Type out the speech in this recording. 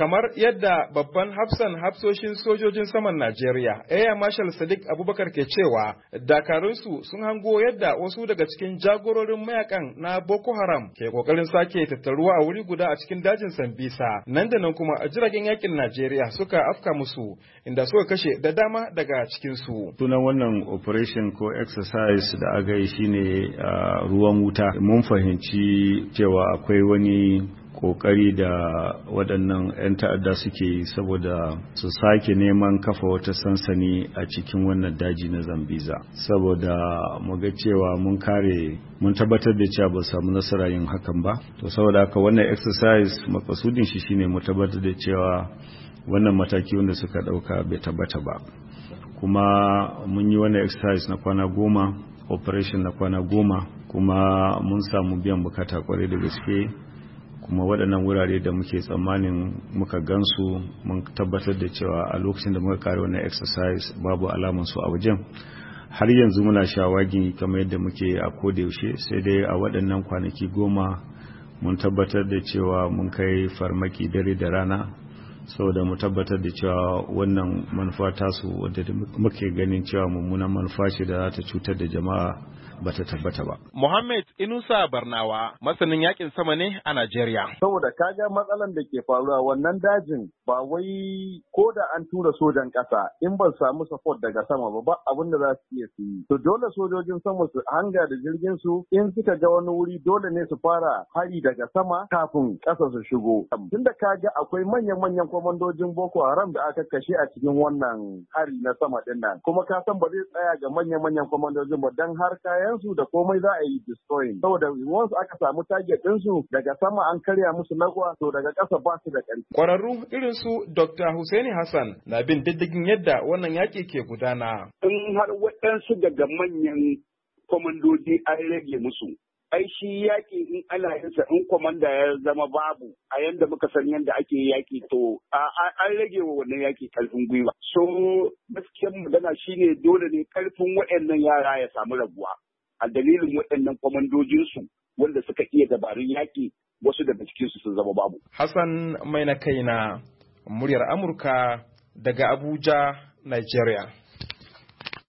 kamar yadda babban hafsan hafsoshin sojojin saman Najeriya, Air Marshal Sadiq Abubakar ke cewa dakarunsu sun hango yadda wasu daga cikin jagororin mayakan na Boko Haram ke kokarin sake tattaruwa a wuri guda a cikin dajin Sambisa. Nan da nan kuma jiragen yakin Najeriya suka afka musu inda suka kashe da dama daga cikin su. Sunan wannan operation ko exercise da aka yi shine uh, ruwan wuta. Mun fahimci cewa akwai wani kokari da waɗannan 'yan ta'adda suke yi saboda su sake neman kafa wata sansani a cikin wannan daji na zambiza saboda mu ga cewa mun kare mun tabbatar da cewa ba samu nasara yin hakan ba to saboda haka wannan exercise makasudin shi shine mu tabbatar da cewa wannan mataki wanda suka ɗauka bai tabbata ba kuma mun yi wannan exercise na kwana goma operation na kwana goma kuma mun samu biyan bukata kwarai da gaske kuma waɗannan wurare da muke tsammanin muka gansu mun tabbatar da cewa a lokacin da muka kare wannan exercise babu alamun su a wajen har yanzu muna shawagi kamar yadda muke a kodayaushe sai dai a waɗannan kwanaki goma mun tabbatar da cewa mun kai farmaki dare da rana saboda mu tabbatar da cewa wannan manufa tasu wadda muke ganin cewa mummunan manufa ce da za ta cutar da jama'a ba ta tabbata ba. Muhammad Inusa Barnawa masanin yakin sama ne a Najeriya. Saboda ka ga matsalan da ke faruwa wannan dajin ba wai ko da an tura sojan ƙasa in ban samu support daga sama ba ba abin da za su iya su yi. To dole sojojin sama su hanga da jirgin su in suka ga wani wuri dole ne su fara hari daga sama kafin ƙasa su shigo. Tunda kaga akwai manyan-manyan kwamandojin Boko Haram da aka kashe a cikin wannan hari na sama dinnan, Kuma ka san ba zai tsaya ga manyan-manyan komandojin ba dan har kayan kayansu da komai za a yi destroying. Saboda once aka samu target din su, daga sama an karya musu lagwa to daga ƙasa ba su da ƙarfi. Kwararru irin su Dr. husaini Hassan na bin diddigin yadda wannan yaƙi ke gudana. In har waɗansu daga manyan kwamandoji an rage musu. ai shi yaƙi in ana yinsa in kwamanda ya zama babu a yanda muka san yanda ake yaƙi to an rage wa wannan yaƙi ƙarfin gwiwa so gaskiyar magana shine dole ne ƙarfin waɗannan yara ya samu rabuwa a dalilin waɗannan kwamandojinsu wanda suka iya dabarun yaƙi wasu daga cikinsu sun zama babu. Hassan mai na kaina muryar Amurka daga Abuja, Nigeria.